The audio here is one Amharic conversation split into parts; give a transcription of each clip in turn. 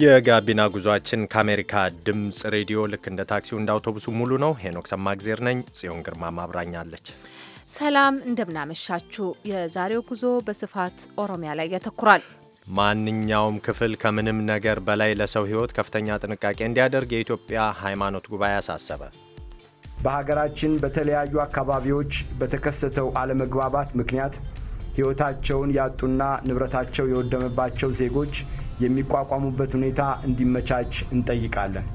የጋቢና ጉዟችን ከአሜሪካ ድምፅ ሬዲዮ ልክ እንደ ታክሲው እንደ አውቶቡሱ ሙሉ ነው። ሄኖክ ሰማግዜር ነኝ። ጽዮን ግርማ ማብራኛለች። ሰላም እንደምናመሻችሁ። የዛሬው ጉዞ በስፋት ኦሮሚያ ላይ ያተኩራል። ማንኛውም ክፍል ከምንም ነገር በላይ ለሰው ሕይወት ከፍተኛ ጥንቃቄ እንዲያደርግ የኢትዮጵያ ሃይማኖት ጉባኤ አሳሰበ። በሀገራችን በተለያዩ አካባቢዎች በተከሰተው አለመግባባት ምክንያት ሕይወታቸውን ያጡና ንብረታቸው የወደመባቸው ዜጎች የሚቋቋሙበት ሁኔታ እንዲመቻች እንጠይቃለን።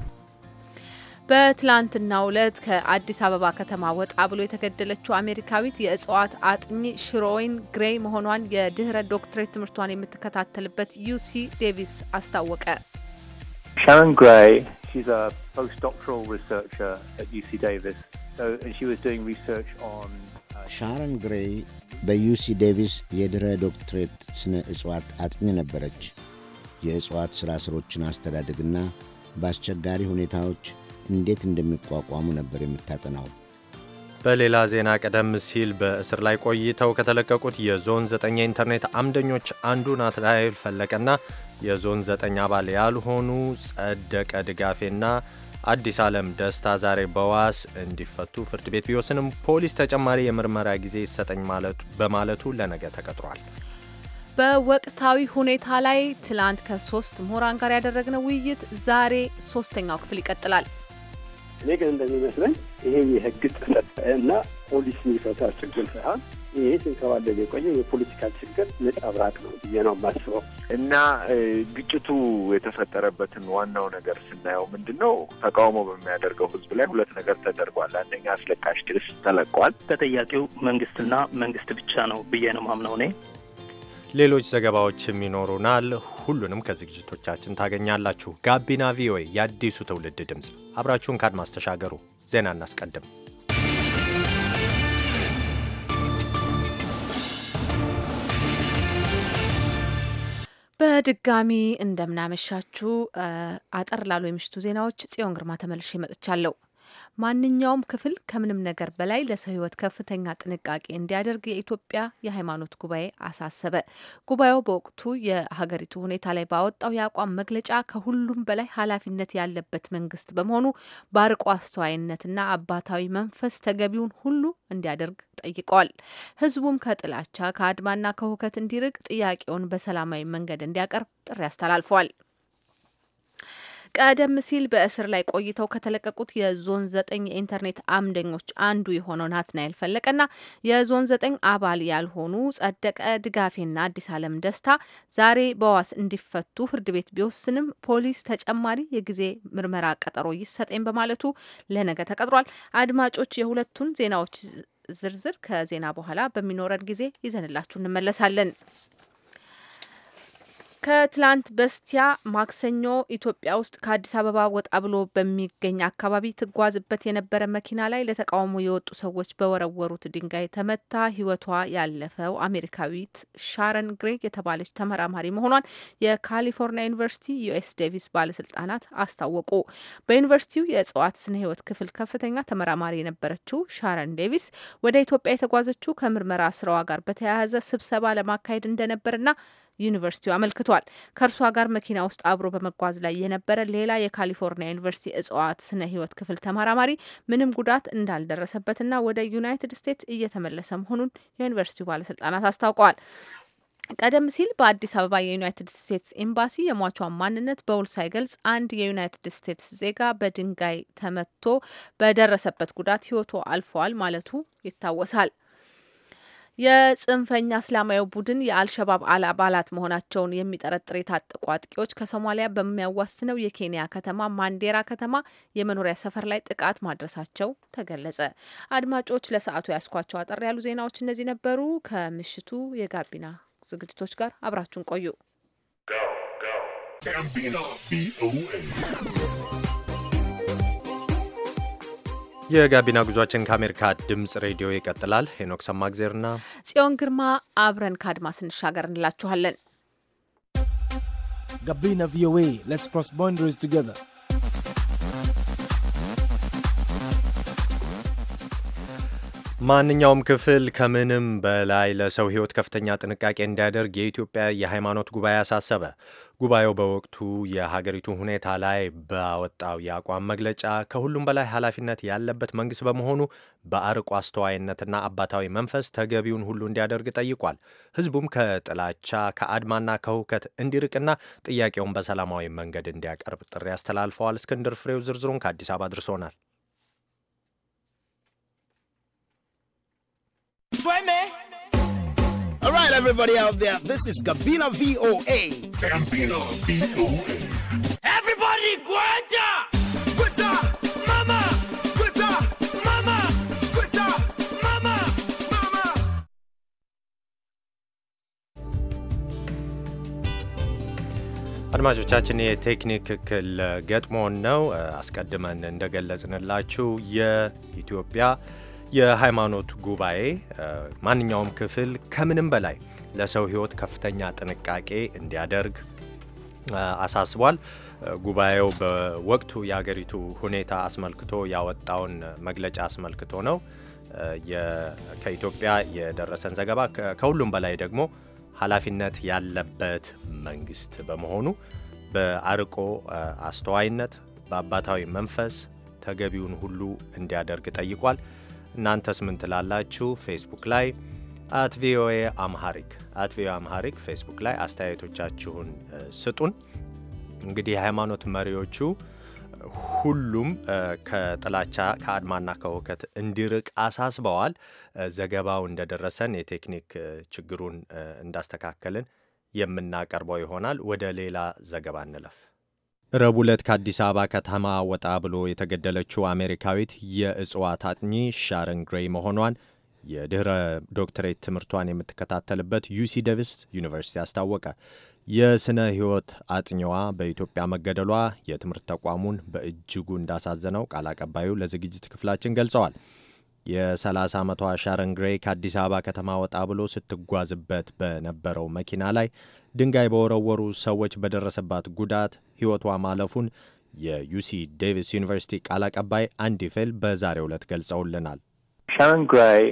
በትላንትናው ዕለት ከአዲስ አበባ ከተማ ወጣ ብሎ የተገደለችው አሜሪካዊት የእጽዋት አጥኚ ሽሮይን ግሬይ መሆኗን የድህረ ዶክትሬት ትምህርቷን የምትከታተልበት ዩሲ ዴቪስ አስታወቀ። ሻሮን ግሬይ ሻሮን ግሬይ በዩሲ ዴቪስ የድህረ ዶክትሬት ስነ እጽዋት አጥኚ ነበረች። የእጽዋት ሥራ ሥሮችን አስተዳደግና በአስቸጋሪ ሁኔታዎች እንዴት እንደሚቋቋሙ ነበር የምታጠናው። በሌላ ዜና ቀደም ሲል በእስር ላይ ቆይተው ከተለቀቁት የዞን 9 የኢንተርኔት አምደኞች አንዱ ናትናኤል ፈለቀና የዞን 9 አባል ያልሆኑ ጸደቀ ድጋፌና አዲስ ዓለም ደስታ ዛሬ በዋስ እንዲፈቱ ፍርድ ቤት ቢወስንም ፖሊስ ተጨማሪ የምርመራ ጊዜ ይሰጠኝ በማለቱ ለነገ ተቀጥሯል። በወቅታዊ ሁኔታ ላይ ትላንት ከሶስት ምሁራን ጋር ያደረግነው ውይይት ዛሬ ሶስተኛው ክፍል ይቀጥላል። እኔ ግን እንደሚመስለኝ ይሄ የህግ ጥሰት እና ፖሊስ የሚፈታ ችግር ሳይሆን ይሄ ሲንከባለል የቆየ የፖለቲካ ችግር ነጸብራቅ ነው ብዬ ነው የማስበው እና ግጭቱ የተፈጠረበትን ዋናው ነገር ስናየው ምንድን ነው ተቃውሞ በሚያደርገው ህዝብ ላይ ሁለት ነገር ተደርጓል። አንደኛ አስለቃሽ ድርስ ተለቋል። ተጠያቂው መንግስትና መንግስት ብቻ ነው ብዬ ነው ማምነው እኔ ሌሎች ዘገባዎችም ይኖሩናል። ሁሉንም ከዝግጅቶቻችን ታገኛላችሁ። ጋቢና ቪኦኤ የአዲሱ ትውልድ ድምፅ፣ አብራችሁን ካድማስ ተሻገሩ። ዜና እናስቀድም። በድጋሚ እንደምናመሻችሁ። አጠር ላሉ የምሽቱ ዜናዎች ጽዮን ግርማ ተመልሼ መጥቻለሁ። ማንኛውም ክፍል ከምንም ነገር በላይ ለሰው ህይወት ከፍተኛ ጥንቃቄ እንዲያደርግ የኢትዮጵያ የሃይማኖት ጉባኤ አሳሰበ። ጉባኤው በወቅቱ የሀገሪቱ ሁኔታ ላይ ባወጣው የአቋም መግለጫ ከሁሉም በላይ ኃላፊነት ያለበት መንግስት በመሆኑ በአርቆ አስተዋይነትና አባታዊ መንፈስ ተገቢውን ሁሉ እንዲያደርግ ጠይቀዋል። ህዝቡም ከጥላቻ ከአድማና ከሁከት እንዲርቅ ጥያቄውን በሰላማዊ መንገድ እንዲያቀርብ ጥሪ አስተላልፏል። ቀደም ሲል በእስር ላይ ቆይተው ከተለቀቁት የዞን ዘጠኝ የኢንተርኔት አምደኞች አንዱ የሆነው ናትናኤል ፈለቀና የዞን ዘጠኝ አባል ያልሆኑ ጸደቀ ድጋፌና አዲስ አለም ደስታ ዛሬ በዋስ እንዲፈቱ ፍርድ ቤት ቢወስንም ፖሊስ ተጨማሪ የጊዜ ምርመራ ቀጠሮ ይሰጠኝ በማለቱ ለነገ ተቀጥሯል። አድማጮች የሁለቱን ዜናዎች ዝርዝር ከዜና በኋላ በሚኖረን ጊዜ ይዘንላችሁ እንመለሳለን። ከትላንት በስቲያ ማክሰኞ ኢትዮጵያ ውስጥ ከአዲስ አበባ ወጣ ብሎ በሚገኝ አካባቢ ትጓዝበት የነበረ መኪና ላይ ለተቃውሞ የወጡ ሰዎች በወረወሩት ድንጋይ ተመታ ሕይወቷ ያለፈው አሜሪካዊት ሻረን ግሬግ የተባለች ተመራማሪ መሆኗን የካሊፎርኒያ ዩኒቨርሲቲ ዩኤስ ዴቪስ ባለስልጣናት አስታወቁ። በዩኒቨርሲቲው የእጽዋት ስነ ሕይወት ክፍል ከፍተኛ ተመራማሪ የነበረችው ሻረን ዴቪስ ወደ ኢትዮጵያ የተጓዘችው ከምርመራ ስራዋ ጋር በተያያዘ ስብሰባ ለማካሄድ እንደነበርና ዩኒቨርሲቲው አመልክቷል። ከእርሷ ጋር መኪና ውስጥ አብሮ በመጓዝ ላይ የነበረ ሌላ የካሊፎርኒያ ዩኒቨርሲቲ እጽዋት ስነ ህይወት ክፍል ተመራማሪ ምንም ጉዳት እንዳልደረሰበትና ወደ ዩናይትድ ስቴትስ እየተመለሰ መሆኑን የዩኒቨርሲቲው ባለስልጣናት አስታውቀዋል። ቀደም ሲል በአዲስ አበባ የዩናይትድ ስቴትስ ኤምባሲ የሟቿን ማንነት በውል ሳይገልጽ አንድ የዩናይትድ ስቴትስ ዜጋ በድንጋይ ተመቶ በደረሰበት ጉዳት ህይወቱ አልፈዋል ማለቱ ይታወሳል። የጽንፈኛ እስላማዊ ቡድን የአልሸባብ አባላት መሆናቸውን የሚጠረጥር የታጠቁ አጥቂዎች ከሶማሊያ በሚያዋስነው የኬንያ ከተማ ማንዴራ ከተማ የመኖሪያ ሰፈር ላይ ጥቃት ማድረሳቸው ተገለጸ። አድማጮች ለሰዓቱ ያስኳቸው አጠር ያሉ ዜናዎች እነዚህ ነበሩ። ከምሽቱ የጋቢና ዝግጅቶች ጋር አብራችሁን ቆዩ። የጋቢና ጉዟችን ከአሜሪካ ድምጽ ሬዲዮ ይቀጥላል። ሄኖክ ሰማግዜርና ጽዮን ግርማ አብረን ከአድማ ስንሻገር እንላችኋለን። ጋቢና ቪኦኤ ሌትስ ክሮስ ቦንደሪስ ቱጌዘር ማንኛውም ክፍል ከምንም በላይ ለሰው ሕይወት ከፍተኛ ጥንቃቄ እንዲያደርግ የኢትዮጵያ የሃይማኖት ጉባኤ አሳሰበ። ጉባኤው በወቅቱ የሀገሪቱ ሁኔታ ላይ ባወጣው የአቋም መግለጫ ከሁሉም በላይ ኃላፊነት ያለበት መንግስት በመሆኑ በአርቆ አስተዋይነትና አባታዊ መንፈስ ተገቢውን ሁሉ እንዲያደርግ ጠይቋል። ህዝቡም ከጥላቻ ከአድማና ከሁከት እንዲርቅና ጥያቄውን በሰላማዊ መንገድ እንዲያቀርብ ጥሪ አስተላልፈዋል። እስክንድር ፍሬው ዝርዝሩን ከአዲስ አበባ አድርሶናል። All right, everybody out there, this is Gabina VOA. Gabina VOA. Everybody, Guanta! Guanta! Mama! Guanta! Mama! Guanta! Mama! Mama! አድማጮቻችን የቴክኒክ እክል ገጥሞን ነው። አስቀድመን እንደገለጽንላችሁ የኢትዮጵያ የሃይማኖት ጉባኤ ማንኛውም ክፍል ከምንም በላይ ለሰው ሕይወት ከፍተኛ ጥንቃቄ እንዲያደርግ አሳስቧል። ጉባኤው በወቅቱ የአገሪቱ ሁኔታ አስመልክቶ ያወጣውን መግለጫ አስመልክቶ ነው። ከኢትዮጵያ የደረሰን ዘገባ ከሁሉም በላይ ደግሞ ኃላፊነት ያለበት መንግስት በመሆኑ በአርቆ አስተዋይነት በአባታዊ መንፈስ ተገቢውን ሁሉ እንዲያደርግ ጠይቋል። እናንተስ ምን ትላላችሁ? ፌስቡክ ላይ አት ቪኦኤ አምሃሪክ አት ቪኦኤ አምሃሪክ ፌስቡክ ላይ አስተያየቶቻችሁን ስጡን። እንግዲህ የሃይማኖት መሪዎቹ ሁሉም ከጥላቻ ከአድማና ከውከት እንዲርቅ አሳስበዋል። ዘገባው እንደደረሰን የቴክኒክ ችግሩን እንዳስተካከልን የምናቀርበው ይሆናል። ወደ ሌላ ዘገባ እንለፍ። ረቡዕ ዕለት ከአዲስ አበባ ከተማ ወጣ ብሎ የተገደለችው አሜሪካዊት የእጽዋት አጥኚ ሻረን ግሬይ መሆኗን የድኅረ ዶክትሬት ትምህርቷን የምትከታተልበት ዩሲ ደቪስ ዩኒቨርሲቲ አስታወቀ። የሥነ ሕይወት አጥኚዋ በኢትዮጵያ መገደሏ የትምህርት ተቋሙን በእጅጉ እንዳሳዘነው ቃል አቀባዩ ለዝግጅት ክፍላችን ገልጸዋል። የ30 ዓመቷ ሻረን ግሬይ ከአዲስ አበባ ከተማ ወጣ ብሎ ስትጓዝበት በነበረው መኪና ላይ ድንጋይ በወረወሩ ሰዎች በደረሰባት ጉዳት ሕይወቷ ማለፉን የዩሲ ዴቪስ ዩኒቨርሲቲ ቃል አቀባይ አንዲ ፌል በዛሬው ዕለት ገልጸውልናል። ሻረን ግሬይ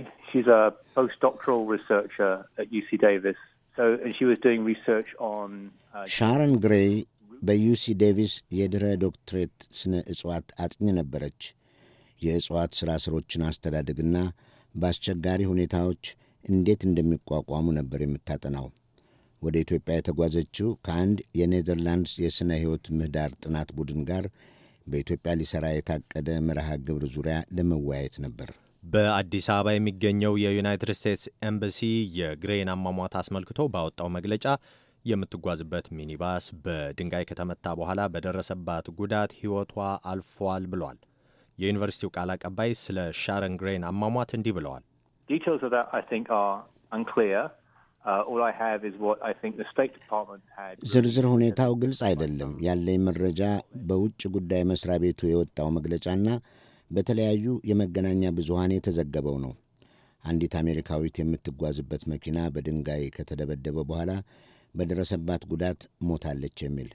ሻረን ግሬይ በዩሲ ዴቪስ የድረ ዶክትሬት ስነ እጽዋት አጥኚ ነበረች። የእጽዋት ሥራ ስሮችን አስተዳደግና በአስቸጋሪ ሁኔታዎች እንዴት እንደሚቋቋሙ ነበር የምታጠናው። ወደ ኢትዮጵያ የተጓዘችው ከአንድ የኔዘርላንድስ የሥነ ሕይወት ምህዳር ጥናት ቡድን ጋር በኢትዮጵያ ሊሠራ የታቀደ መርሃ ግብር ዙሪያ ለመወያየት ነበር። በአዲስ አበባ የሚገኘው የዩናይትድ ስቴትስ ኤምባሲ የግሬን አሟሟት አስመልክቶ ባወጣው መግለጫ የምትጓዝበት ሚኒባስ በድንጋይ ከተመታ በኋላ በደረሰባት ጉዳት ሕይወቷ አልፏል ብሏል። የዩኒቨርሲቲው ቃል አቀባይ ስለ ሻረን ግሬን አሟሟት እንዲህ ብለዋል። uh, ዝርዝር ሁኔታው ግልጽ አይደለም። ያለኝ መረጃ በውጭ ጉዳይ መስሪያ ቤቱ የወጣው መግለጫና በተለያዩ የመገናኛ ብዙሃን የተዘገበው ነው። አንዲት አሜሪካዊት የምትጓዝበት መኪና በድንጋይ ከተደበደበ በኋላ በደረሰባት ጉዳት ሞታለች የሚል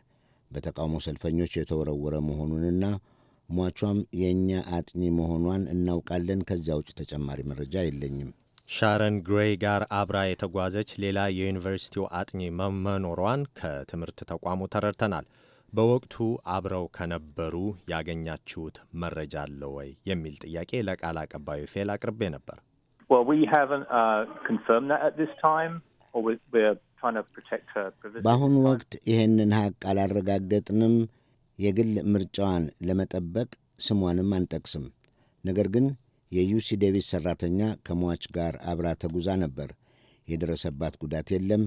በተቃውሞ ሰልፈኞች የተወረወረ መሆኑንና ሟቿም የእኛ አጥኚ መሆኗን እናውቃለን። ከዚያ ውጭ ተጨማሪ መረጃ የለኝም። ሻረን ግሬይ ጋር አብራ የተጓዘች ሌላ የዩኒቨርሲቲው አጥኚ መመኖሯን ከትምህርት ተቋሙ ተረድተናል። በወቅቱ አብረው ከነበሩ ያገኛችሁት መረጃ አለ ወይ የሚል ጥያቄ ለቃል አቀባዩ ፌል አቅርቤ ነበር። uh, በአሁኑ ወቅት ይህንን ሀቅ አላረጋገጥንም። የግል ምርጫዋን ለመጠበቅ ስሟንም አንጠቅስም። ነገር ግን የዩሲ ዴቪስ ሠራተኛ ከሟች ጋር አብራ ተጉዛ ነበር። የደረሰባት ጉዳት የለም።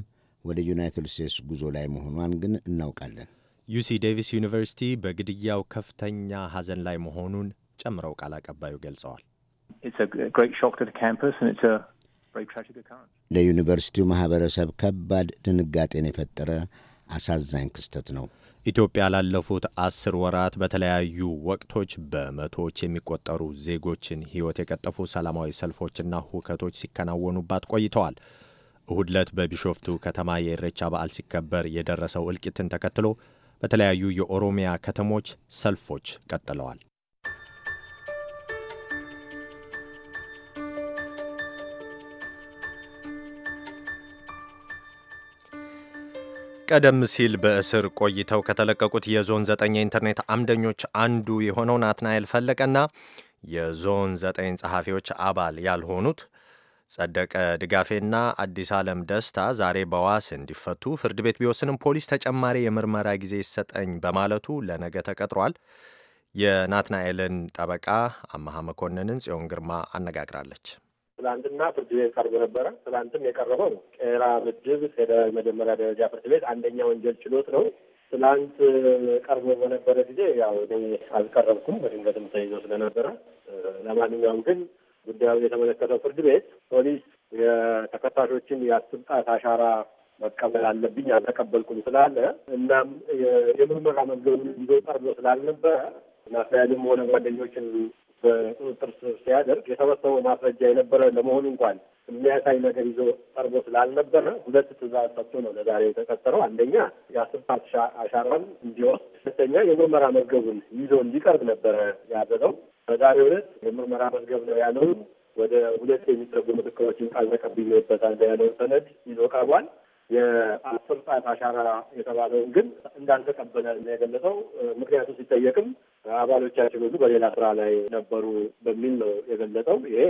ወደ ዩናይትድ ስቴትስ ጉዞ ላይ መሆኗን ግን እናውቃለን። ዩሲ ዴቪስ ዩኒቨርሲቲ በግድያው ከፍተኛ ሐዘን ላይ መሆኑን ጨምረው ቃል አቀባዩ ገልጸዋል። ለዩኒቨርሲቲው ማኅበረሰብ ከባድ ድንጋጤን የፈጠረ አሳዛኝ ክስተት ነው። ኢትዮጵያ ላለፉት አስር ወራት በተለያዩ ወቅቶች በመቶዎች የሚቆጠሩ ዜጎችን ሕይወት የቀጠፉ ሰላማዊ ሰልፎችና ሁከቶች ሲከናወኑባት ቆይተዋል። እሁድ ዕለት በቢሾፍቱ ከተማ የኢሬቻ በዓል ሲከበር የደረሰው እልቂትን ተከትሎ በተለያዩ የኦሮሚያ ከተሞች ሰልፎች ቀጥለዋል። ቀደም ሲል በእስር ቆይተው ከተለቀቁት የዞን ዘጠኝ የኢንተርኔት አምደኞች አንዱ የሆነው ናትናኤል ፈለቀና የዞን ዘጠኝ ጸሐፊዎች አባል ያልሆኑት ጸደቀ ድጋፌና አዲስ ዓለም ደስታ ዛሬ በዋስ እንዲፈቱ ፍርድ ቤት ቢወስንም ፖሊስ ተጨማሪ የምርመራ ጊዜ ይሰጠኝ በማለቱ ለነገ ተቀጥሯል። የናትናኤልን ጠበቃ አመሃ መኮንንን ጽዮን ግርማ አነጋግራለች። ትላንትና ፍርድ ቤት ቀርቦ ነበረ። ትላንትም የቀረበው ነው። ቄራ ምድብ ፌደራል መጀመሪያ ደረጃ ፍርድ ቤት አንደኛ ወንጀል ችሎት ነው። ትላንት ቀርቦ በነበረ ጊዜ ያው እኔ አልቀረብኩም በድንገትም ተይዞ ስለነበረ። ለማንኛውም ግን ጉዳዩን የተመለከተው ፍርድ ቤት ፖሊስ የተከሳሾችን የአስር ጣት አሻራ መቀበል አለብኝ አልተቀበልኩም ስላለ እናም የምርመራ መዝገቡ ይዞ ቀርቦ ስላልነበረ ናፍያድም ሆነ ጓደኞችን በቁጥጥር ስር ሲያደርግ የሰበሰበው ማስረጃ የነበረ ለመሆኑ እንኳን የሚያሳይ ነገር ይዞ ቀርቦ ስላልነበረ ሁለት ትዕዛዝ ሰጥቶ ነው ለዛሬ የተቀጠረው። አንደኛ የአስርፓት አሻራን እንዲወስድ፣ ሁለተኛ የምርመራ መዝገቡን ይዞ እንዲቀርብ ነበረ ያዘለው። በዛሬ ሁለት የምርመራ መዝገብ ነው ያለው ወደ ሁለት የሚጠጉ ምስክሮችን ቃል ተቀብዬበታለሁ ያለውን ሰነድ ይዞ ቀርቧል። የአስር አሻራ የተባለውን ግን እንዳልተቀበለ የገለጸው። ምክንያቱ ሲጠየቅም አባሎቻችን ሁሉ በሌላ ስራ ላይ ነበሩ በሚል ነው የገለጠው። ይሄ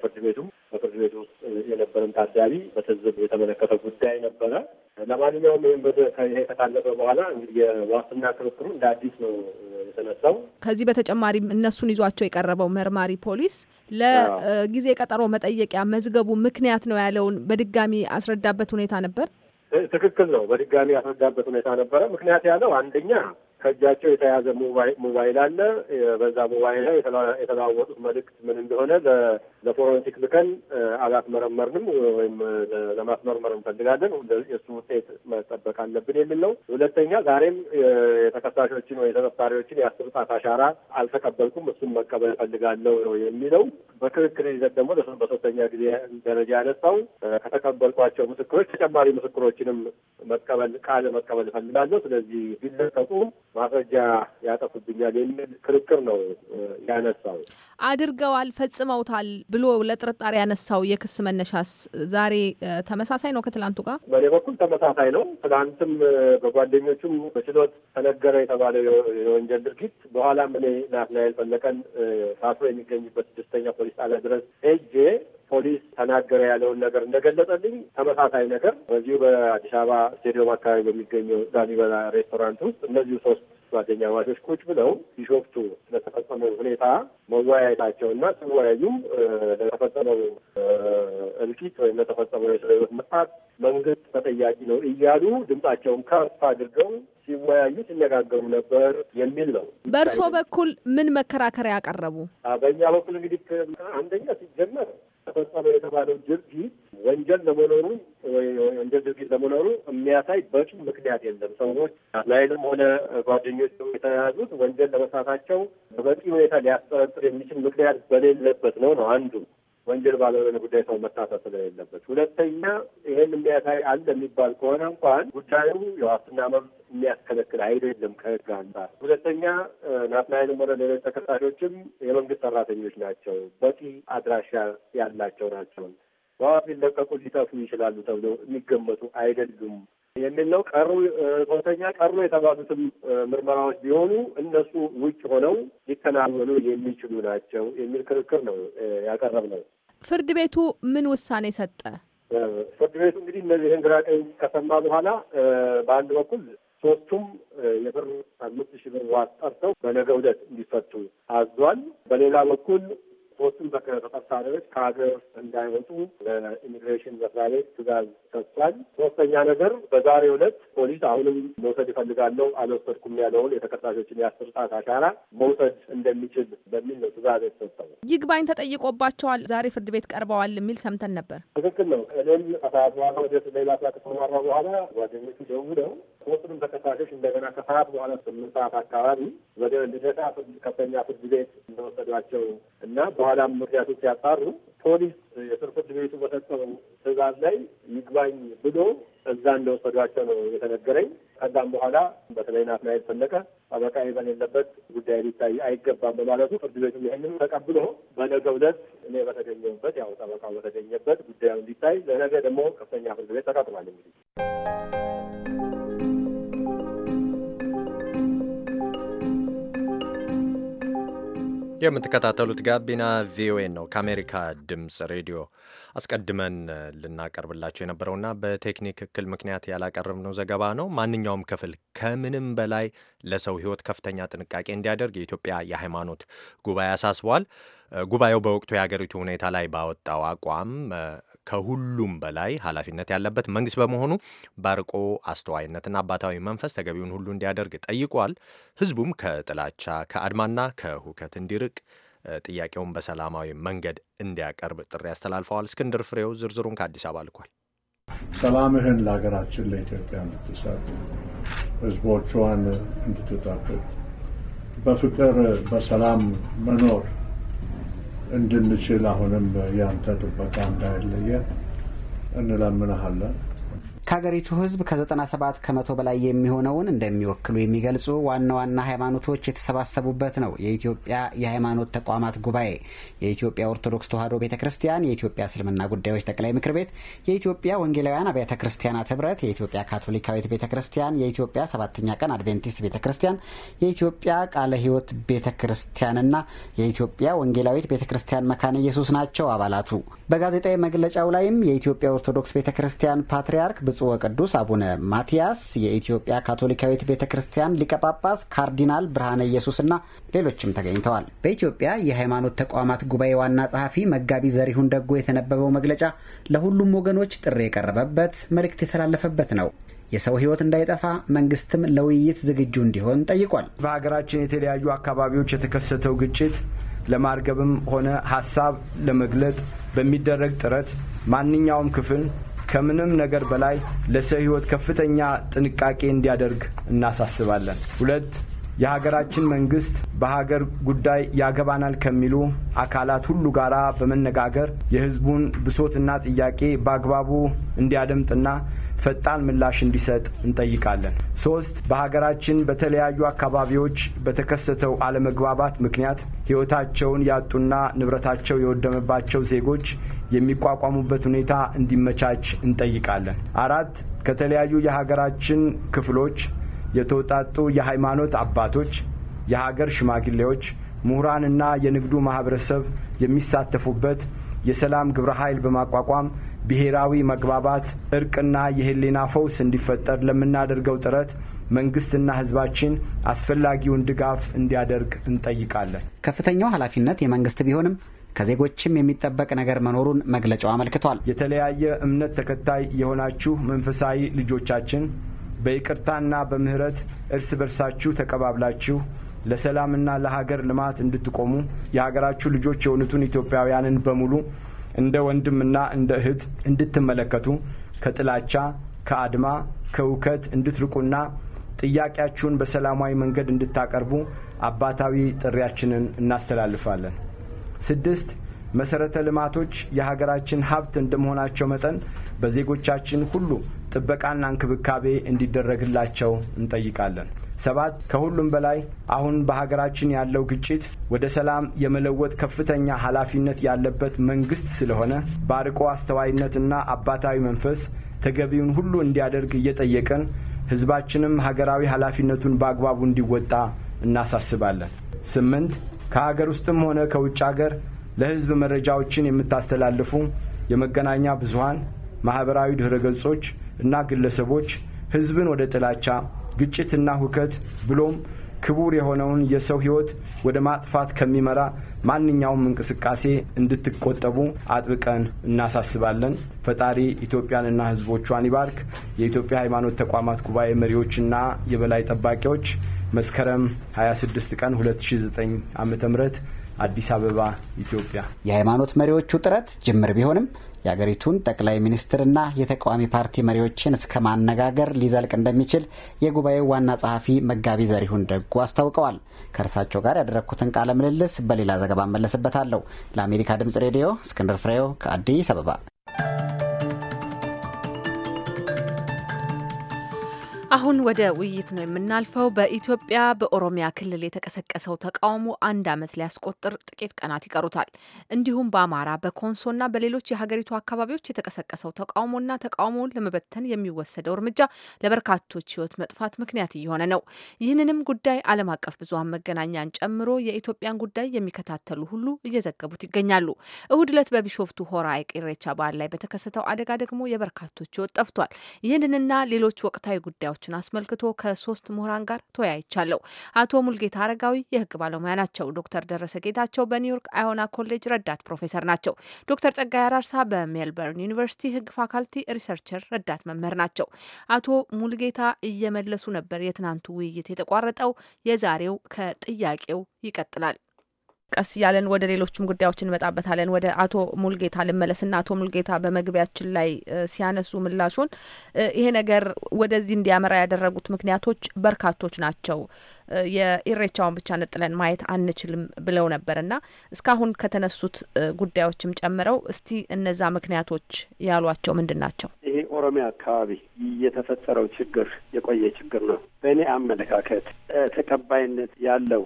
ፍርድ ቤቱም በፍርድ ቤት ውስጥ የነበረን ታዛቢ በትዝብ የተመለከተ ጉዳይ ነበረ። ለማንኛውም ይህም ይሄ ከታለፈ በኋላ የዋስትና ክርክሩ እንደ አዲስ ነው የተነሳው። ከዚህ በተጨማሪም እነሱን ይዟቸው የቀረበው መርማሪ ፖሊስ ለጊዜ ቀጠሮ መጠየቂያ መዝገቡ ምክንያት ነው ያለውን በድጋሚ አስረዳበት ሁኔታ ነበር። ትክክል ነው። በድጋሚ ያስረዳበት ሁኔታ ነበረ። ምክንያት ያለው አንደኛ ከእጃቸው የተያዘ ሞባይል አለ። በዛ ሞባይል ላይ የተለዋወጡት መልእክት ምን እንደሆነ ለፎረንሲክ ልከን አላስመረመርንም ወይም ለማስመርመር እንፈልጋለን፣ የእሱ ውጤት መጠበቅ አለብን የሚል ነው። ሁለተኛ ዛሬም የተከሳሾችን ወይ ተጠርጣሪዎችን የአስር ጣት አሻራ አልተቀበልኩም፣ እሱን መቀበል እፈልጋለሁ ነው የሚለው። በክርክር ይዘት ደግሞ በሶስተኛ ጊዜ ደረጃ ያነሳው ከተቀበልኳቸው ምስክሮች ተጨማሪ ምስክሮችንም መቀበል ቃል መቀበል እፈልጋለሁ፣ ስለዚህ ቢለቀቁ ማስረጃ ያጠፉብኛል የሚል ክርክር ነው ያነሳው። አድርገዋል፣ ፈጽመውታል ብሎ ለጥርጣሬ ያነሳው የክስ መነሻስ ዛሬ ተመሳሳይ ነው ከትላንቱ ጋር። በእኔ በኩል ተመሳሳይ ነው። ትላንትም በጓደኞቹም በችሎት ተነገረ የተባለው የወንጀል ድርጊት በኋላም እኔ ናትናኤል ፈለቀን ታስሮ የሚገኝበት ስድስተኛ ፖሊስ ጣቢያ ድረስ ሄጄ ፖሊስ ተናገረ ያለውን ነገር እንደገለጸልኝ ተመሳሳይ ነገር በዚሁ በአዲስ አበባ ስቴዲየም አካባቢ በሚገኘው ላሊበላ ሬስቶራንት ውስጥ እነዚሁ ሶስት ጓደኛ ማቾች ቁጭ ብለው ቢሾፍቱ ስለተፈጸመው ሁኔታ እና ሲወያዩም ለተፈጸመው እልቂት ወይም ለተፈጸመው የሰው ሕይወት መጥፋት መንግስት ተጠያቂ ነው እያሉ ድምጻቸውን ከፍ አድርገው ሲወያዩ ሲነጋገሩ ነበር የሚል ነው። በእርስዎ በኩል ምን መከራከሪያ ያቀረቡ? በእኛ በኩል እንግዲህ አንደኛ ሲጀመር ተፈጸመ የተባለው ድርጊት ወንጀል ለመኖሩ ወንጀል ድርጊት ለመኖሩ የሚያሳይ በቂ ምክንያት የለም። ሰዎች ላይልም ሆነ ጓደኞች የተያዙት ወንጀል ለመሳታቸው በበቂ ሁኔታ ሊያስጠረጥር የሚችል ምክንያት በሌለበት ነው ነው አንዱ ወንጀል ባልሆነ ጉዳይ ሰው መታሰር ስለሌለበት፣ ሁለተኛ ይህን የሚያሳይ አለ የሚባል ከሆነ እንኳን ጉዳዩ የዋስትና መብት የሚያስከለክል አይደለም ከህግ አንጻር። ሁለተኛ ናትናኤልም ሆነ ሌሎች ተከሳሾችም የመንግስት ሰራተኞች ናቸው፣ በቂ አድራሻ ያላቸው ናቸው። በዋስ ሊለቀቁ ሊጠፉ ይችላሉ ተብለው የሚገመቱ አይደሉም የሚል ነው። ቀሩ ሶስተኛ ቀሩ የተባሉትም ምርመራዎች ቢሆኑ እነሱ ውጭ ሆነው ሊከናወኑ የሚችሉ ናቸው የሚል ክርክር ነው ያቀረብ ነው። ፍርድ ቤቱ ምን ውሳኔ ሰጠ? ፍርድ ቤቱ እንግዲህ እነዚህን ግራ ቀኝ ከሰማ በኋላ በአንድ በኩል ሶስቱም የብር አምስት ሺህ ብር ዋስ ጠርተው በነገ ዕለት እንዲፈቱ አዟል። በሌላ በኩል ሶስቱም ተጠርጣሪዎች ከሀገር እንዳይወጡ ለኢሚግሬሽን መስሪያ ቤት ትዕዛዝ ሰጥቷል። ሶስተኛ ነገር በዛሬው ዕለት ፖሊስ አሁንም መውሰድ ይፈልጋለሁ አልወሰድኩም ያለውን የተከሳሾችን የአስር ሰዓት አሻራ መውሰድ እንደሚችል በሚል ነው ትዕዛዝ የተሰጠው። ይግባኝ ተጠይቆባቸዋል፣ ዛሬ ፍርድ ቤት ቀርበዋል የሚል ሰምተን ነበር። ትክክል ነው። እኔም ከሰዓት በኋላ ወደ ሌላ ስራ ከተማራ በኋላ ጓደኞቹ ደውለው ቁጥሩን ተከሳሾች እንደገና ከሰዓት በኋላ ስምንት ሰዓት አካባቢ ወደ ልደታ ከፍተኛ ፍርድ ቤት እንደወሰዷቸው እና በኋላም ምክንያቱ ሲያጣሩ ፖሊስ የስር ፍርድ ቤቱ በሰጠው ትዕዛዝ ላይ ይግባኝ ብሎ እዛ እንደወሰዷቸው ነው የተነገረኝ። ከዛም በኋላ በተለይ ናትናኤል ፈለቀ ጠበቃዬ በሌለበት ጉዳይ ሊታይ አይገባም በማለቱ ፍርድ ቤቱ ይህንን ተቀብሎ በነገ ዕለት እኔ በተገኘበት ያው ጠበቃው በተገኘበት ጉዳዩ እንዲታይ ለነገ ደግሞ ከፍተኛ ፍርድ ቤት ተቃጥሏል እንግዲህ የምትከታተሉት ጋቢና ቪኦኤ ነው ከአሜሪካ ድምፅ ሬዲዮ። አስቀድመን ልናቀርብላቸው የነበረውና በቴክኒክ እክል ምክንያት ያላቀረብነው ዘገባ ነው። ማንኛውም ክፍል ከምንም በላይ ለሰው ሕይወት ከፍተኛ ጥንቃቄ እንዲያደርግ የኢትዮጵያ የሃይማኖት ጉባኤ አሳስቧል። ጉባኤው በወቅቱ የሀገሪቱ ሁኔታ ላይ ባወጣው አቋም ከሁሉም በላይ ኃላፊነት ያለበት መንግስት በመሆኑ ባርቆ አስተዋይነትና አባታዊ መንፈስ ተገቢውን ሁሉ እንዲያደርግ ጠይቋል። ህዝቡም ከጥላቻ ከአድማና ከሁከት እንዲርቅ ጥያቄውን በሰላማዊ መንገድ እንዲያቀርብ ጥሪ አስተላልፈዋል። እስክንድር ፍሬው ዝርዝሩን ከአዲስ አበባ ልኳል። ሰላምህን ለሀገራችን ለኢትዮጵያ እንድትሰጥ ህዝቦቿን እንድትጠብቅ በፍቅር በሰላም መኖር እንድንችል አሁንም ያንተ ጥበቃ እንዳይለየን እንለምንሃለን። ከሀገሪቱ ህዝብ ከ97 ከመቶ በላይ የሚሆነውን እንደሚወክሉ የሚገልጹ ዋና ዋና ሃይማኖቶች የተሰባሰቡበት ነው የኢትዮጵያ የሃይማኖት ተቋማት ጉባኤ። የኢትዮጵያ ኦርቶዶክስ ተዋህዶ ቤተ ክርስቲያን፣ የኢትዮጵያ እስልምና ጉዳዮች ጠቅላይ ምክር ቤት፣ የኢትዮጵያ ወንጌላውያን አብያተ ክርስቲያናት ህብረት፣ የኢትዮጵያ ካቶሊካዊት ቤተ ክርስቲያን፣ የኢትዮጵያ ሰባተኛ ቀን አድቬንቲስት ቤተ ክርስቲያን፣ የኢትዮጵያ ቃለ ህይወት ቤተ ክርስቲያንና የኢትዮጵያ ወንጌላዊት ቤተ ክርስቲያን መካነ ኢየሱስ ናቸው አባላቱ። በጋዜጣዊ መግለጫው ላይም የኢትዮጵያ ኦርቶዶክስ ቤተ ክርስቲያን ፓትርያርክ ብፁዕ ወቅዱስ አቡነ ማቲያስ፣ የኢትዮጵያ ካቶሊካዊት ቤተ ክርስቲያን ሊቀ ጳጳስ ካርዲናል ብርሃነ ኢየሱስና ሌሎችም ተገኝተዋል። በኢትዮጵያ የሃይማኖት ተቋማት ጉባኤ ዋና ጸሐፊ መጋቢ ዘሪሁን ደጎ የተነበበው መግለጫ ለሁሉም ወገኖች ጥሪ የቀረበበት መልእክት የተላለፈበት ነው። የሰው ሕይወት እንዳይጠፋ መንግስትም ለውይይት ዝግጁ እንዲሆን ጠይቋል። በሀገራችን የተለያዩ አካባቢዎች የተከሰተው ግጭት ለማርገብም ሆነ ሀሳብ ለመግለጥ በሚደረግ ጥረት ማንኛውም ክፍል ከምንም ነገር በላይ ለሰው ሕይወት ከፍተኛ ጥንቃቄ እንዲያደርግ እናሳስባለን። ሁለት የሀገራችን መንግስት በሀገር ጉዳይ ያገባናል ከሚሉ አካላት ሁሉ ጋራ በመነጋገር የህዝቡን ብሶትና ጥያቄ በአግባቡ እንዲያደምጥና ፈጣን ምላሽ እንዲሰጥ እንጠይቃለን። ሶስት በሀገራችን በተለያዩ አካባቢዎች በተከሰተው አለመግባባት ምክንያት ሕይወታቸውን ያጡና ንብረታቸው የወደመባቸው ዜጎች የሚቋቋሙበት ሁኔታ እንዲመቻች እንጠይቃለን። አራት ከተለያዩ የሀገራችን ክፍሎች የተውጣጡ የሃይማኖት አባቶች፣ የሀገር ሽማግሌዎች፣ ምሁራንና የንግዱ ማህበረሰብ የሚሳተፉበት የሰላም ግብረ ኃይል በማቋቋም ብሔራዊ መግባባት፣ እርቅና የህሊና ፈውስ እንዲፈጠር ለምናደርገው ጥረት መንግስትና ህዝባችን አስፈላጊውን ድጋፍ እንዲያደርግ እንጠይቃለን። ከፍተኛው ኃላፊነት የመንግስት ቢሆንም ከዜጎችም የሚጠበቅ ነገር መኖሩን መግለጫው አመልክቷል። የተለያየ እምነት ተከታይ የሆናችሁ መንፈሳዊ ልጆቻችን በይቅርታና በምህረት እርስ በርሳችሁ ተቀባብላችሁ ለሰላምና ለሀገር ልማት እንድትቆሙ የሀገራችሁ ልጆች የሆኑትን ኢትዮጵያውያንን በሙሉ እንደ ወንድምና እንደ እህት እንድትመለከቱ ከጥላቻ፣ ከአድማ፣ ከውከት እንድትርቁና ጥያቄያችሁን በሰላማዊ መንገድ እንድታቀርቡ አባታዊ ጥሪያችንን እናስተላልፋለን። ስድስት መሰረተ ልማቶች የሀገራችን ሀብት እንደመሆናቸው መጠን በዜጎቻችን ሁሉ ጥበቃና እንክብካቤ እንዲደረግላቸው እንጠይቃለን። ሰባት ከሁሉም በላይ አሁን በሀገራችን ያለው ግጭት ወደ ሰላም የመለወጥ ከፍተኛ ኃላፊነት ያለበት መንግስት ስለሆነ በአርቆ አስተዋይነትና አባታዊ መንፈስ ተገቢውን ሁሉ እንዲያደርግ እየጠየቅን ህዝባችንም ሀገራዊ ኃላፊነቱን በአግባቡ እንዲወጣ እናሳስባለን። ስምንት ከአገር ውስጥም ሆነ ከውጭ አገር ለሕዝብ መረጃዎችን የምታስተላልፉ የመገናኛ ብዙሃን፣ ማኅበራዊ ድኅረ ገጾች እና ግለሰቦች ሕዝብን ወደ ጥላቻ፣ ግጭትና ሁከት ብሎም ክቡር የሆነውን የሰው ሕይወት ወደ ማጥፋት ከሚመራ ማንኛውም እንቅስቃሴ እንድትቆጠቡ አጥብቀን እናሳስባለን። ፈጣሪ ኢትዮጵያንና ሕዝቦቿን ይባርክ። የኢትዮጵያ ሃይማኖት ተቋማት ጉባኤ መሪዎችና የበላይ ጠባቂዎች መስከረም 26 ቀን 2009 ዓ ም አዲስ አበባ ኢትዮጵያ። የሃይማኖት መሪዎቹ ጥረት ጅምር ቢሆንም የአገሪቱን ጠቅላይ ሚኒስትርና የተቃዋሚ ፓርቲ መሪዎችን እስከ ማነጋገር ሊዘልቅ እንደሚችል የጉባኤው ዋና ጸሐፊ መጋቢ ዘሪሁን ደጉ አስታውቀዋል። ከእርሳቸው ጋር ያደረግኩትን ቃለ ምልልስ በሌላ ዘገባ እመለስበታለሁ። ለአሜሪካ ድምጽ ሬዲዮ እስክንድር ፍሬው ከአዲስ አበባ አሁን ወደ ውይይት ነው የምናልፈው። በኢትዮጵያ በኦሮሚያ ክልል የተቀሰቀሰው ተቃውሞ አንድ ዓመት ሊያስቆጥር ጥቂት ቀናት ይቀሩታል። እንዲሁም በአማራ በኮንሶና በሌሎች የሀገሪቱ አካባቢዎች የተቀሰቀሰው ተቃውሞና ተቃውሞውን ለመበተን የሚወሰደው እርምጃ ለበርካቶች ሕይወት መጥፋት ምክንያት እየሆነ ነው። ይህንንም ጉዳይ ዓለም አቀፍ ብዙሀን መገናኛን ጨምሮ የኢትዮጵያን ጉዳይ የሚከታተሉ ሁሉ እየዘገቡት ይገኛሉ። እሁድ ዕለት በቢሾፍቱ ሆራ የኢሬቻ በዓል ላይ በተከሰተው አደጋ ደግሞ የበርካቶች ሕይወት ጠፍቷል። ይህንንና ሌሎች ወቅታዊ ጉዳዮች ጉዳዮችን አስመልክቶ ከሶስት ምሁራን ጋር ተወያይቻለሁ። አቶ ሙልጌታ አረጋዊ የህግ ባለሙያ ናቸው። ዶክተር ደረሰ ጌታቸው በኒውዮርክ አዮና ኮሌጅ ረዳት ፕሮፌሰር ናቸው። ዶክተር ጸጋይ አራርሳ በሜልበርን ዩኒቨርሲቲ ህግ ፋካልቲ ሪሰርቸር ረዳት መምህር ናቸው። አቶ ሙልጌታ እየመለሱ ነበር የትናንቱ ውይይት የተቋረጠው። የዛሬው ከጥያቄው ይቀጥላል። ቀስ እያለን ወደ ሌሎችም ጉዳዮች እንመጣበታለን። ወደ አቶ ሙልጌታ ልመለስና አቶ ሙልጌታ በመግቢያችን ላይ ሲያነሱ ምላሹን ይሄ ነገር ወደዚህ እንዲያመራ ያደረጉት ምክንያቶች በርካቶች ናቸው፣ የኢሬቻውን ብቻ ነጥለን ማየት አንችልም ብለው ና እስካሁን ከተነሱት ጉዳዮችም ጨምረው እስቲ እነዛ ምክንያቶች ያሏቸው ምንድን ናቸው? ኦሮሚያ አካባቢ የተፈጠረው ችግር የቆየ ችግር ነው። በእኔ አመለካከት ተቀባይነት ያለው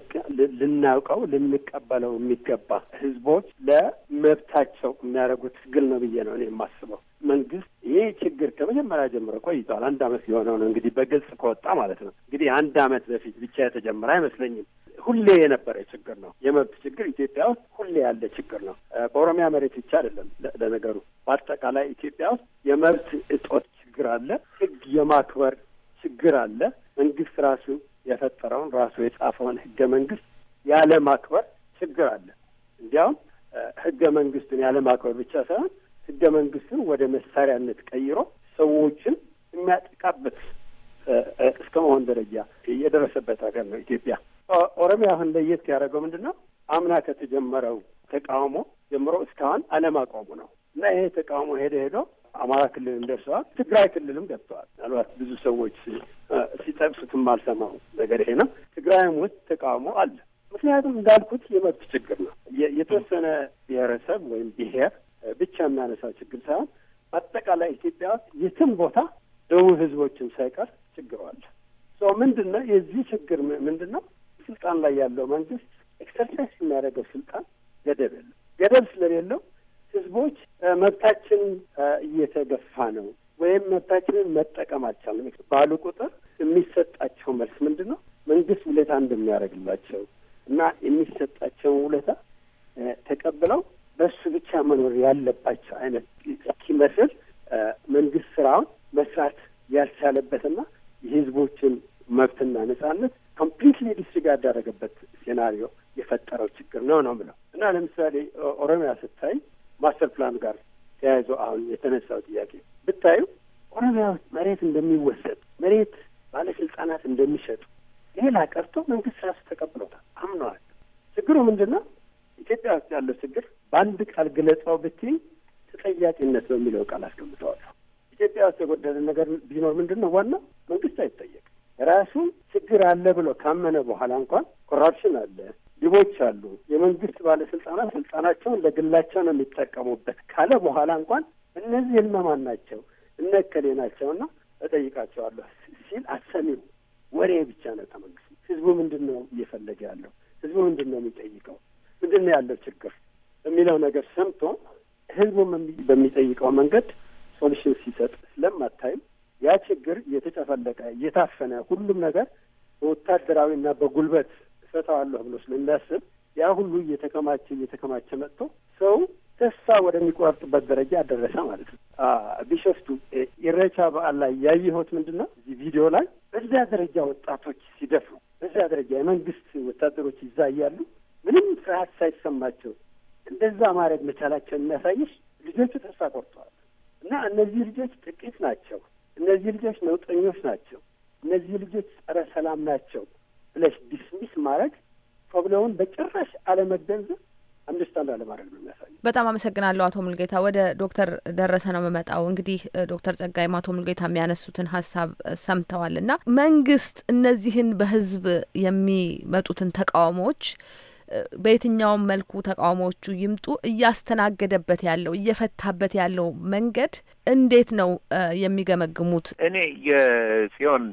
ልናውቀው ልንቀበለው የሚገባ ህዝቦች ለመብታቸው የሚያደርጉት ትግል ነው ብዬ ነው እኔ የማስበው። መንግስት ይህ ችግር ከመጀመሪያ ጀምሮ ቆይቷል። አንድ አመት የሆነው ነው እንግዲህ በግልጽ ከወጣ ማለት ነው። እንግዲህ አንድ አመት በፊት ብቻ የተጀመረ አይመስለኝም። ሁሌ የነበረ ችግር ነው። የመብት ችግር ኢትዮጵያ ውስጥ ሁሌ ያለ ችግር ነው። በኦሮሚያ መሬት ብቻ አይደለም። ለነገሩ በአጠቃላይ ኢትዮጵያ ውስጥ የመብት እጦት ችግር አለ። ህግ የማክበር ችግር አለ። መንግስት ራሱ የፈጠረውን ራሱ የጻፈውን ህገ መንግስት ያለ ማክበር ችግር አለ። እንዲያውም ህገ መንግስቱን ያለ ማክበር ብቻ ሳይሆን ህገ መንግስቱን ወደ መሳሪያነት ቀይሮ ሰዎችን የሚያጠቃበት እስከ መሆን ደረጃ የደረሰበት ሀገር ነው ኢትዮጵያ። ኦሮሚያ አሁን ለየት ያደረገው ምንድን ነው? አምና ከተጀመረው ተቃውሞ ጀምሮ እስካሁን አለማቆሙ ነው እና ይሄ ተቃውሞ ሄደ ሄዶ አማራ ክልልም ደርሰዋል፣ ትግራይ ክልልም ገብተዋል። ምናልባት ብዙ ሰዎች ሲጠቅሱትም አልሰማው ነገር ይሄ ነው። ትግራይም ውስጥ ተቃውሞ አለ። ምክንያቱም እንዳልኩት የመብት ችግር ነው። የተወሰነ ብሔረሰብ ወይም ብሔር ብቻ የሚያነሳው ችግር ሳይሆን አጠቃላይ ኢትዮጵያ ውስጥ የትም ቦታ ደቡብ ህዝቦችን ሳይቀር ችግሯል። ምንድን ነው የዚህ ችግር ምንድን ነው? ስልጣን ላይ ያለው መንግስት ኤክሰርሳይዝ የሚያደርገው ስልጣን ገደብ የለው። ገደብ ስለሌለው ህዝቦች መብታችን እየተገፋ ነው ወይም መብታችንን መጠቀም አልቻለም ባሉ ቁጥር የሚሰጣቸው መልስ ምንድን ነው? መንግስት ውለታ እንደሚያደርግላቸው እና የሚሰጣቸውን ውለታ ተቀብለው በሱ ብቻ መኖር ያለባቸው አይነት እስኪመስል መንግስት ስራውን መስራት ያልቻለበትና የህዝቦችን መብትና ነጻነት ኮምፕሊትሊ ዲስሪጋርድ ያደረገበት ሴናሪዮ የፈጠረው ችግር ነው ነው ምለው እና ለምሳሌ ኦሮሚያ ስታይ ማስተር ፕላን ጋር ተያይዞ አሁን የተነሳው ጥያቄ ብታዩ ኦሮሚያ ውስጥ መሬት እንደሚወሰድ መሬት ባለስልጣናት እንደሚሸጡ ሌላ ቀርቶ መንግስት ራሱ ተቀብሎታል፣ አምነዋል። ችግሩ ምንድን ነው? ኢትዮጵያ ውስጥ ያለው ችግር በአንድ ቃል ግለጸው ብትይ ተጠያቂነት በሚለው ቃል አስቀምጠዋለሁ። ኢትዮጵያ ውስጥ የጎደለ ነገር ቢኖር ምንድን ነው? ዋና መንግስት አይጠየቅም። ራሱ ችግር አለ ብሎ ካመነ በኋላ እንኳን ኮራፕሽን አለ፣ ሊቦች አሉ፣ የመንግስት ባለስልጣናት ስልጣናቸውን ለግላቸው ነው የሚጠቀሙበት ካለ በኋላ እንኳን እነዚህ እነማን ናቸው እነ እከሌ ናቸውና እጠይቃቸዋለሁ ሲል አሰሚው ወሬ ብቻ ነው ከመንግስት። ህዝቡ ምንድን ነው እየፈለገ ያለው? ህዝቡ ምንድን ነው የሚጠይቀው? ምንድን ነው ያለው ችግር የሚለው ነገር ሰምቶ ህዝቡ በሚጠይቀው መንገድ ሶሉሽን ሲሰጥ ስለማታይም ያ ችግር እየተጨፈለቀ የታፈነ ሁሉም ነገር በወታደራዊና በጉልበት እፈታዋለሁ ብሎ ስለሚያስብ ያ ሁሉ እየተከማቸ እየተከማቸ መጥቶ ሰው ተስፋ ወደሚቆርጥበት ደረጃ አደረሰ ማለት ነው። ቢሸፍቱ ኢሬቻ በዓል ላይ ያየሁት ምንድን ነው? እዚህ ቪዲዮ ላይ በዚያ ደረጃ ወጣቶች ሲደፍሩ፣ በዚያ ደረጃ የመንግስት ወታደሮች ይዛ እያሉ ምንም ፍርሃት ሳይሰማቸው እንደዛ ማድረግ መቻላቸው የሚያሳይሽ ልጆቹ ተስፋ ቆርጠዋል። እና እነዚህ ልጆች ጥቂት ናቸው። እነዚህ ልጆች ነውጠኞች ናቸው፣ እነዚህ ልጆች ጸረ ሰላም ናቸው ብለሽ ዲስሚስ ማድረግ ፕሮብለሙን በጭራሽ አለመገንዘብ አንደርስታንድ አለማድረግ ነው የሚያሳየው። በጣም አመሰግናለሁ አቶ ሙልጌታ። ወደ ዶክተር ደረሰ ነው የምመጣው። እንግዲህ ዶክተር ጸጋይም አቶ ሙልጌታ የሚያነሱትን ሀሳብ ሰምተዋል እና መንግስት እነዚህን በህዝብ የሚመጡትን ተቃውሞዎች በየትኛውም መልኩ ተቃውሞዎቹ ይምጡ እያስተናገደበት ያለው እየፈታበት ያለው መንገድ እንዴት ነው የሚገመግሙት? እኔ የጽዮን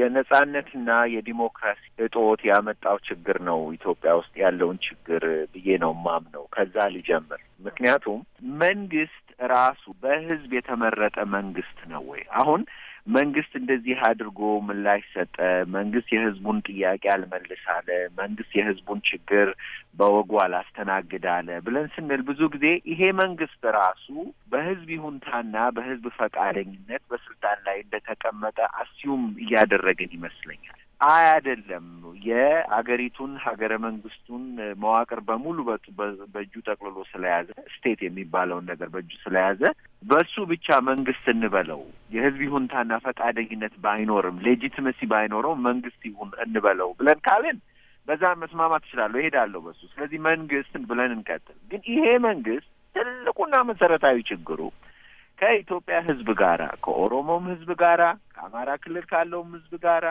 የነጻነትና የዲሞክራሲ እጦት ያመጣው ችግር ነው ኢትዮጵያ ውስጥ ያለውን ችግር ብዬ ነው ማምነው። ከዛ ልጀምር። ምክንያቱም መንግስት ራሱ በህዝብ የተመረጠ መንግስት ነው ወይ አሁን መንግስት እንደዚህ አድርጎ ምላሽ ሰጠ፣ መንግስት የህዝቡን ጥያቄ አልመልስ አለ፣ መንግስት የህዝቡን ችግር በወጉ አላስተናግድ አለ ብለን ስንል ብዙ ጊዜ ይሄ መንግስት ራሱ በህዝብ ይሁንታና በህዝብ ፈቃደኝነት በስልጣን ላይ እንደተቀመጠ አስዩም እያደረግን ይመስለኛል። አይደለም የአገሪቱን ሀገረ መንግስቱን መዋቅር በሙሉ በእጁ ጠቅልሎ ስለያዘ ስቴት የሚባለውን ነገር በእጁ ስለያዘ በሱ ብቻ መንግስት እንበለው የህዝብ ይሁንታና ፈቃደኝነት ባይኖርም ሌጂትመሲ ባይኖረው መንግስት ይሁን እንበለው ብለን ካልን በዛ መስማማት እችላለሁ እሄዳለሁ በሱ ስለዚህ መንግስት ብለን እንቀጥል ግን ይሄ መንግስት ትልቁና መሰረታዊ ችግሩ ከኢትዮጵያ ህዝብ ጋራ ከኦሮሞም ህዝብ ጋራ ከአማራ ክልል ካለውም ህዝብ ጋራ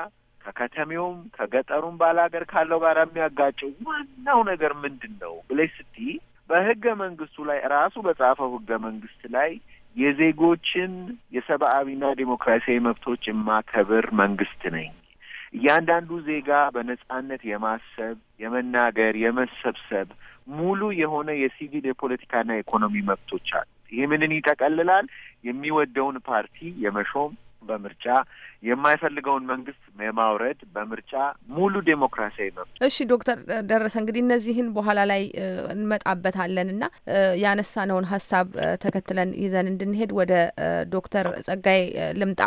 ከከተሜውም ከገጠሩም ባላገር ካለው ጋር የሚያጋጨው ዋናው ነገር ምንድን ነው ብለሽ ስትይ በህገ መንግስቱ ላይ ራሱ በጻፈው ህገ መንግስት ላይ የዜጎችን የሰብአዊና ዴሞክራሲያዊ መብቶች የማከብር መንግስት ነኝ። እያንዳንዱ ዜጋ በነጻነት የማሰብ፣ የመናገር፣ የመሰብሰብ ሙሉ የሆነ የሲቪል የፖለቲካና የኢኮኖሚ መብቶች አሉ። ይህ ምንን ይጠቀልላል? የሚወደውን ፓርቲ የመሾም በምርጫ የማይፈልገውን መንግስት የማውረድ በምርጫ ሙሉ ዴሞክራሲያዊ መብት። እሺ ዶክተር ደረሰ እንግዲህ እነዚህን በኋላ ላይ እንመጣበታለን እና ያነሳነውን ሀሳብ ተከትለን ይዘን እንድንሄድ ወደ ዶክተር ጸጋይ ልምጣ።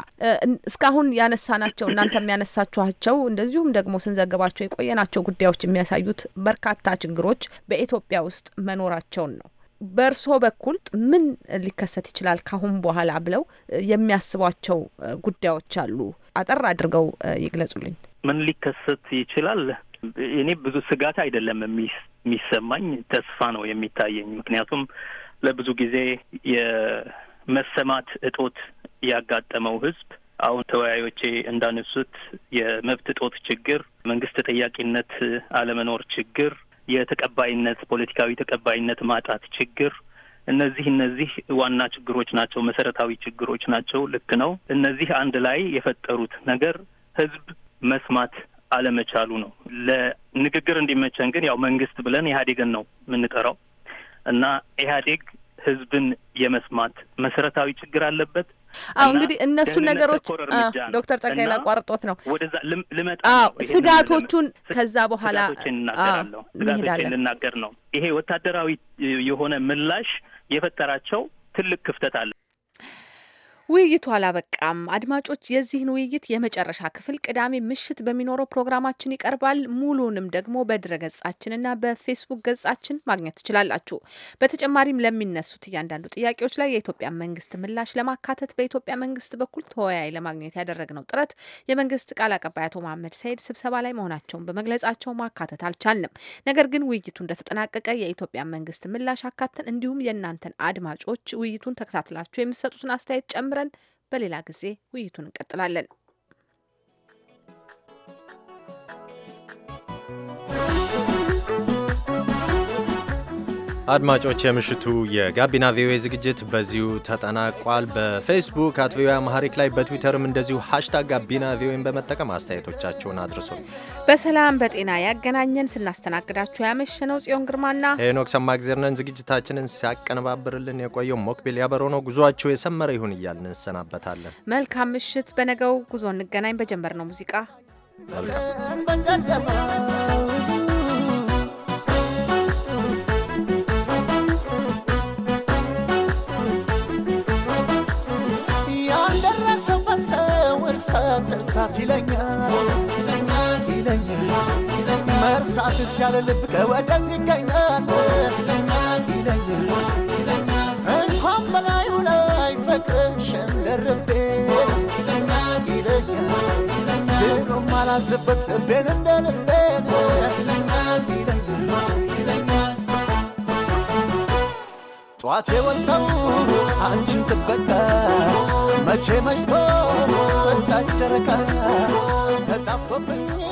እስካሁን ያነሳናቸው እናንተ የሚያነሳችኋቸው እንደዚሁም ደግሞ ስንዘግባቸው የቆየናቸው ጉዳዮች የሚያሳዩት በርካታ ችግሮች በኢትዮጵያ ውስጥ መኖራቸውን ነው። በእርስዎ በኩል ምን ሊከሰት ይችላል ካሁን በኋላ ብለው የሚያስቧቸው ጉዳዮች አሉ? አጠር አድርገው ይግለጹልኝ። ምን ሊከሰት ይችላል? እኔ ብዙ ስጋት አይደለም የሚሰማኝ፣ ተስፋ ነው የሚታየኝ። ምክንያቱም ለብዙ ጊዜ የመሰማት እጦት ያጋጠመው ህዝብ አሁን ተወያዮቼ እንዳነሱት የመብት እጦት ችግር፣ መንግስት ተጠያቂነት አለመኖር ችግር፣ የተቀባይነት ፖለቲካዊ ተቀባይነት ማጣት ችግር እነዚህ እነዚህ ዋና ችግሮች ናቸው፣ መሰረታዊ ችግሮች ናቸው። ልክ ነው። እነዚህ አንድ ላይ የፈጠሩት ነገር ህዝብ መስማት አለመቻሉ ነው። ለንግግር እንዲመቸን ግን ያው መንግስት ብለን ኢህአዴግን ነው የምንጠራው እና ኢህአዴግ ህዝብን የመስማት መሰረታዊ ችግር አለበት። አሁ እንግዲህ እነሱ ነገሮች ዶክተር ጸጋይ ላቋርጦት ነው ወደዛ ስጋቶቹን ከዛ በኋላ ስጋቶችን ልናገር ነው። ይሄ ወታደራዊ የሆነ ምላሽ የፈጠራቸው ትልቅ ክፍተት አለ። ውይይቱ አላበቃም። አድማጮች፣ የዚህን ውይይት የመጨረሻ ክፍል ቅዳሜ ምሽት በሚኖረው ፕሮግራማችን ይቀርባል። ሙሉንም ደግሞ በድረ በድረገጻችንና በፌስቡክ ገጻችን ማግኘት ትችላላችሁ። በተጨማሪም ለሚነሱት እያንዳንዱ ጥያቄዎች ላይ የኢትዮጵያ መንግስት ምላሽ ለማካተት በኢትዮጵያ መንግስት በኩል ተወያይ ለማግኘት ያደረግነው ጥረት የመንግስት ቃል አቀባይ አቶ መሀመድ ሰይድ ስብሰባ ላይ መሆናቸውን በመግለጻቸው ማካተት አልቻልንም። ነገር ግን ውይይቱ እንደተጠናቀቀ የኢትዮጵያ መንግስት ምላሽ አካተን እንዲሁም የእናንተን አድማጮች ውይይቱን ተከታትላችሁ የሚሰጡትን አስተያየት ጨምረ ይኖረን። በሌላ ጊዜ ውይይቱን እንቀጥላለን። አድማጮች የምሽቱ የጋቢና ቪኦኤ ዝግጅት በዚሁ ተጠናቋል። በፌስቡክ አት ቪኦኤ አማሐሪክ ላይ በትዊተርም እንደዚሁ ሀሽታግ ጋቢና ቪኦኤን በመጠቀም አስተያየቶቻችሁን አድርሶ በሰላም በጤና ያገናኘን። ስናስተናግዳችሁ ያመሸነው ጽዮን ግርማና ሄኖክ ሰማግዜርነን። ዝግጅታችንን ሲያቀነባብርልን የቆየው ሞክቢል ያበሮ ነው። ጉዟችሁ የሰመረ ይሁን እያልን እንሰናበታለን። መልካም ምሽት። በነገው ጉዞ እንገናኝ። በጀመርነው ሙዚቃ መልካም መርሳት ይለኛል ይለኛል መርሳት ሲያለ ልብ ከወደት ይገኛል ይለኛል እንኳን በላዩ ላይ ፍቅርሽን ደርቤ ይለኛል ድሮም አላዝበት ልቤን እንደ ልቤን ጧቴ ወልታው አንቺው ጥበቃ መቼ መሽቶ ጨረቃ ተጣፍቶብኝ